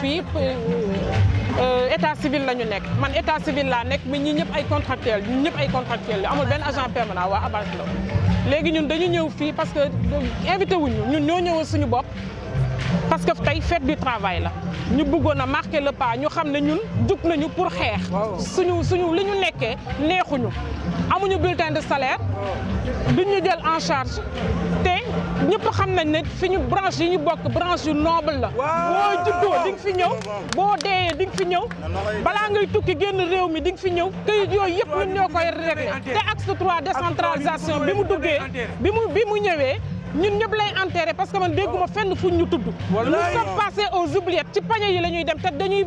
fii euh, euh, état civil la ñu mon état civil la nekk mais ñi ñëpp ay contractuel a pas ay contractuel amul benn agent permanent à Abass la léegi ñun dañu ñëw fii parce que invité ou nous ñoo sommes pas parce que tey fête du travail nous ñu à marquer le pas ñu xam ne ñun jug nañu pour nous suñu suñu li ñu nekkee neexuñu amuñu bulletin de salaire duñ en charge ñëpp xam nañ ne fi branche yi ñu bokk branche yu noble la bo juddoo di nga fi ñëw bo deeyee di nga fi ñëw bala ngay tukki génn réew mi di nga fi ñëw këyit yoy yëpp ñun ñoo koy réglé te acte trois décentralisation bi mu duggee bi mu bi mu ñëwee ñun ñëpp lay enterrer parce que man dégguma fenn fuñ ñu tuddu nous sommes passés aux oubliettes ci pagne yi lañuy dem té dañuy